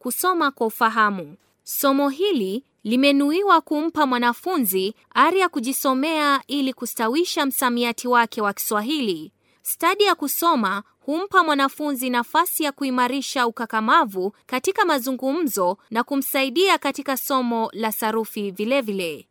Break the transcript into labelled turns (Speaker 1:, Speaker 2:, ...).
Speaker 1: kusoma kwa ufahamu. Somo hili limenuiwa kumpa mwanafunzi ari ya kujisomea ili kustawisha msamiati wake wa Kiswahili. Stadi ya kusoma humpa mwanafunzi nafasi ya kuimarisha ukakamavu katika mazungumzo na kumsaidia katika somo la sarufi vilevile.